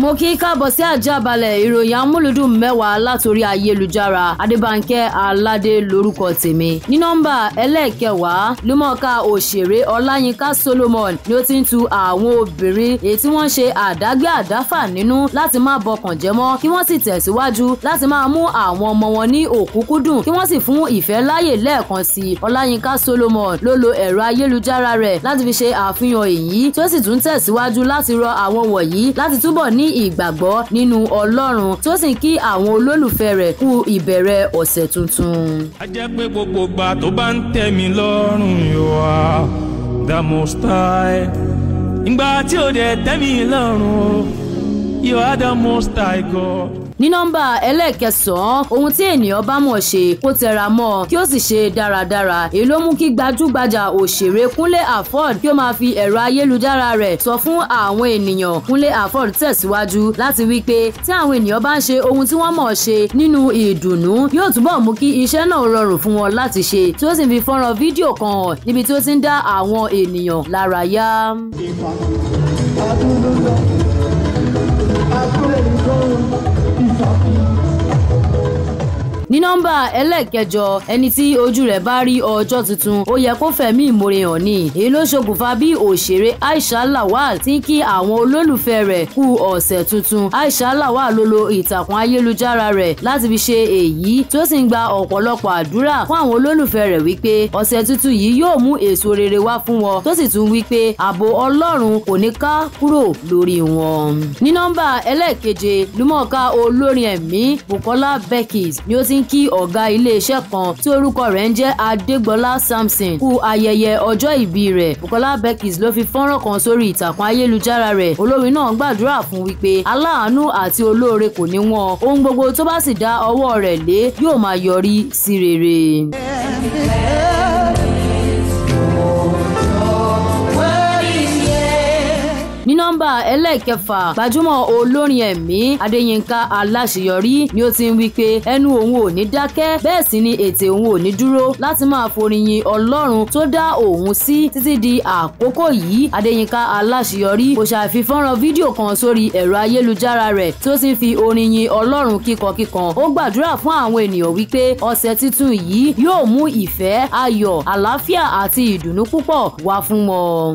mo kí káàbọ̀ sí àjábalẹ̀ ìròyìn amúlùdùn mẹ́wàá látòrí ayélujára adébánkẹ́ aládé lórúkọ tèmi ní nọ́mbà ẹlẹ́ẹ̀kẹwàá lúmọ̀ọ́ká òṣèré ọláyínká solomon ni ó ti ń tu àwọn obìnrin èyí tí wọ́n ṣe àdágbé àdáfà nínú láti má bọkàn jẹ́ mọ́ kí wọ́n sì tẹ̀síwájú láti máa mú àwọn ọmọ wọn ní òkúkúdùn kí wọ́n sì fún ìfẹ́ láyè lẹ́ẹ̀kan sí ọláyínká solomon ló lo ẹ̀rọ ayélujára rẹ̀ láti fi ṣe àfihàn èyí tí ó sì tún tẹ̀síwájú láti rọ àwọn wọ̀nyí láti túbọ̀ ní ní ìgbàgbọ́ nínú Ọlọ́run tó sì ń kí àwọn olólùfẹ́ rẹ̀ kú ìbẹ̀rẹ̀ ọ̀sẹ̀ tuntun. a jẹ́ pé gbogbo ìgbà tó bá ń tẹ̀ mí lọ́rùn yóò the most ìgbà tí ò dẹ̀ tẹ́ mí lọ́rùn yóò the most high ní nọ́mbà ẹlẹ́ẹ̀kẹsàn-án ohun tí ènìyàn bá mọ̀ ṣe kó tẹra mọ́ kí ó sì ṣe dáradára èyí ló mú kí gbajúgbajà òṣèré Kúnlé Afọ́d kí ó máa fi ẹ̀rọ ayélujára rẹ̀ sọ fún àwọn ènìyàn Kúnlé Afọ́d tẹ̀síwájú láti wí pé tí àwọn ènìyàn bá ń ṣe ohun tí wọ́n mọ̀ ṣe nínú ìdùnnú yóò túbọ̀ mú kí iṣẹ́ náà rọrùn fún wọn láti ṣe tí ó sì fi fọ́nrán fídíò kan hàn níbi tí ó ti ń dá àwọn ènìyàn lára yá. nọ́mbà ẹlẹ́ẹ̀kẹjọ ẹni tí ojú rẹ̀ bá rí ọjọ́ tuntun ó yẹ kó fẹ̀mí ìmoore hàn ni èyí ló ṣokùnfà bí òṣèré Aisha Lawal ti ń kí àwọn olólùfẹ́ rẹ̀ kú ọ̀sẹ̀ tuntun Aisha Lawal ló lo ìtàkùn ayélujára rẹ̀ láti fi ṣe èyí tó sì ń gba ọ̀pọ̀lọpọ̀ àdúrà fún àwọn olólùfẹ́ rẹ̀ wípé ọ̀sẹ̀ tuntun yìí yóò mú èso rere wá fún wọn tó sì tún wípé ààbò Ọlọ́run kò ní ká kúrò lórí wọn. ní nọ́mbà ẹlẹ́ẹ̀keje lúmọ̀ọ́ká olórin ẹ̀mí Bukola Beckis ni ó ti ń k kí ọ̀gá iléeṣẹ́ kan tí orúkọ rẹ̀ ń jẹ́ Adégbọlá Samson kú ayẹyẹ ọjọ́ ìbí rẹ̀ Bukola Beckis ló fi fọ́nrán kan sórí ìtàkùn ayélujára rẹ̀ olórin náà gbàdúrà fún wípé aláàánú àti olóore kò ní wọn ohun gbogbo tó bá sì dá ọwọ́ rẹ̀ lé yóò máa yọrí sí rere. nọ́mbà ẹlẹ́ẹ̀kẹfà gbajúmọ̀ olórin ẹ̀mí adéyínká aláṣeyọrí ni ó ti ń wí pé ẹnu òun ò ní dákẹ́ bẹ́ẹ̀ sì ni ètè òun ò ní dúró láti máa forin yin ọlọ́run tó dá òun sí títí di àkókò yìí adéyínká aláṣeyọrí kò ṣàfi fọ́nrán fídíò kan sórí ẹ̀rọ ayélujára rẹ̀ tí ó ti ń fi orin yin ọlọ́run kíkankíkan ó gbàdúrà fún àwọn ènìyàn wípé ọ̀sẹ̀ titun yìí yóò mú ìfẹ́ ayọ̀ àlàáfíà àti ìdùnnú púpọ̀ wá fún wọn.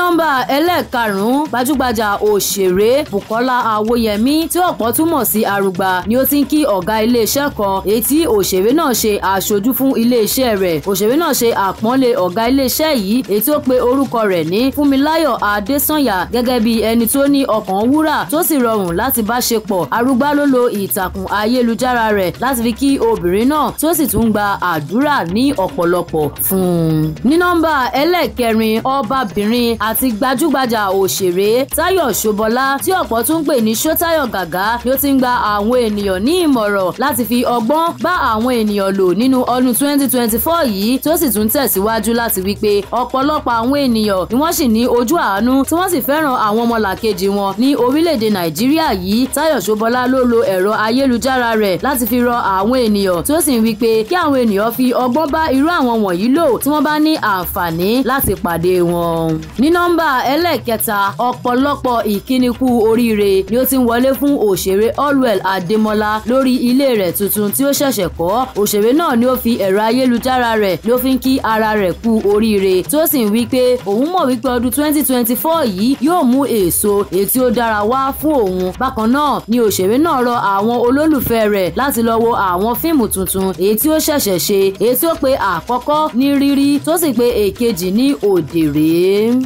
nọ́mbà ẹlẹ́ẹ̀karùn-ún gbajúgbajà òṣèré Bukola Awoyemi tí ọ̀pọ̀ túmọ̀ sí Arúgba ni ó ti ń kí ọ̀gá iléeṣẹ́ kan èyí tí òṣèré náà ṣe aṣojú fún iléeṣẹ́ rẹ̀ òṣèré náà ṣe àpọ́nlé ọ̀gá iléeṣẹ́ yìí èyí tí ó pe orúkọ rẹ̀ ní Fúnmiláyọ̀ Adésànyà gẹ́gẹ́ bí ẹni tó ní ọkàn wúrà tó sì rọrùn láti bá ṣe pọ̀ Arúgba ló lo ìtàkùn ayélujára rẹ̀ láti fi kí obìnrin náà tó sì tún gba àdúrà ní ọ̀pọ̀lọpọ̀ fún un. ní nọ́mbà ẹlẹ́ẹ̀kẹrin ọbabìnrin àti àti gbajúgbajà òṣèré Táyọ̀ Ṣọbọlá tí ọ̀pọ̀ tún ń pè ní Ṣótáyọ̀ Gàgá ni ó ti ń gba àwọn ènìyàn ní ìmọ̀ràn láti fi ọgbọ́n bá àwọn ènìyàn lò nínú ọdún 2024 yìí tí ó sì tún tẹ̀síwájú láti wí pé ọ̀pọ̀lọpọ̀ àwọn ènìyàn ni wọ́n sì ní ojú àánú tí wọ́n sì fẹ́ràn àwọn ọmọlàkejì wọn ní orílẹ̀-èdè Nàìjíríà yìí Táyọ̀ Ṣọbọlá ló lo ẹ̀rọ ayélujára rẹ̀ láti fi rọ àwọn ènìyàn tí ó sì ń wí pé kí àwọn ènìyàn fi ọgbọ́n bá irú àwọn wọ̀nyí lò tí wọ́n bá ní àǹfààní láti pàdé wọn nọ́mbà ẹlẹ́ẹ̀kẹta ọ̀pọ̀lọpọ̀ ìkíníkù oríire ni ó ti ń wọlé fún òṣèré Allwell Adémọ́lá lórí ilé rẹ̀ tuntun tí ó ṣẹ̀ṣẹ̀ kọ́ òṣèré náà ni ó fi ẹ̀rọ ayélujára rẹ̀ ló fi ń kí ara rẹ̀ kú oríire tí ó sì ń wí pé òun mọ̀ wípé ọdún 2024 yìí yóò mú èso èyí tí ó dára wá fún òun bákan náà ni òṣèré náà rọ àwọn olólùfẹ́ rẹ̀ láti lọ wo àwọn fíìmù tuntun èyí tí ó ṣẹ̀ṣẹ̀ ṣe èyí ó pe àkọ́kọ́ ní rírí tó sì pe èkejì ní òdèrè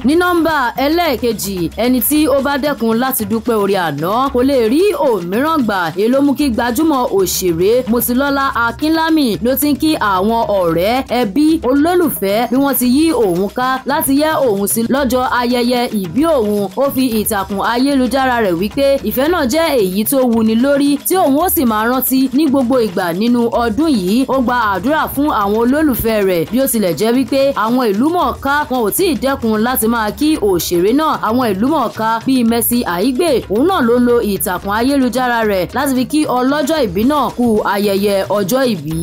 ní nọ́mbà ẹlẹ́ẹ̀kejì ẹni tí ó bá dẹ́kun láti dúpẹ́ orí àná kò lè rí òmíràn gbà èló mú kí gbajúmọ̀ òṣèré Mọ́tilọ́lá Akínlámì ló ti ń kí àwọn ọ̀rẹ́ ẹbí olólùfẹ́ bí wọ́n ti yí òun ká láti yẹ òun sí lọ́jọ́ ayẹyẹ ìbí òun ó fi ìtàkùn ayélujára rẹ̀ wípé ìfẹ́ náà jẹ́ èyí tó wuni lórí tí òun ó sì máa rántí ní gbogbo ìgbà nínú ọdún yìí ó gba àdúrà fún àwọn olólùfẹ́ rẹ̀ bí ó tilẹ̀ jẹ́ wípé àwọn ìlú mọ̀ọ́ká wọn ò tí dẹ́kun láti máa kí òṣèré náà àwọn ìlúmọ̀ọ́ká bíi Mercy Aigbe òun náà ló ń lo ìtàkùn ayélujára rẹ̀ láti fi kí ọlọ́jọ́ ìbí náà kú ayẹyẹ ọjọ́ ìbí.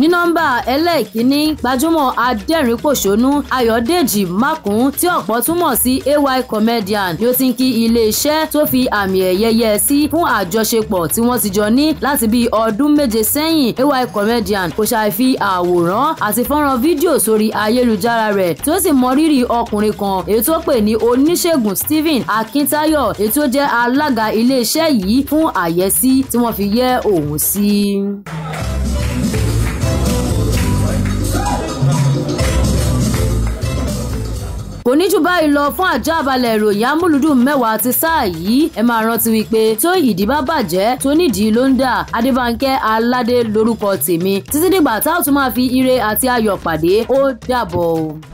ní nọ́mbà ẹlẹ́ẹ̀kínní gbajúmọ̀ adẹ́rìnpòṣónú Ayọ̀dèjì Mákùn tí ọ̀pọ̀ túmọ̀ sí AY comedian ni ó ti ń kí iléeṣẹ́ tó fi àmì ẹ̀yẹyẹ sí fún àjọṣepọ̀ tí wọ́n ti jọ ní láti bíi ọdún méje sẹ́yìn AY comedian kò ṣàì fi àwòrán àti fọ́nrán fídíò sórí ayélujára rẹ̀ tí ó sì mọrírì ọkùnrin kan èyí tó pè ní oníṣègùn Stephen Akintayo èyí tó jẹ́ alága iléeṣẹ́ yìí fún àyẹ́sí tí wọ́n fi yẹ òun sí. kò ní jù báyìí lọ fún àjàbalẹ̀ ìròyìn amúlùdùn mẹ́wàá ti sáà yìí ẹ máa rántí wípé tó ìdí bá bàjẹ́ tó nídìí ló ń dà adébánkẹ́ aládé lórúkọ tèmi títí dìgbà tá tún máa fi ire àti ayọ̀ pàdé ó dàbọ̀ o.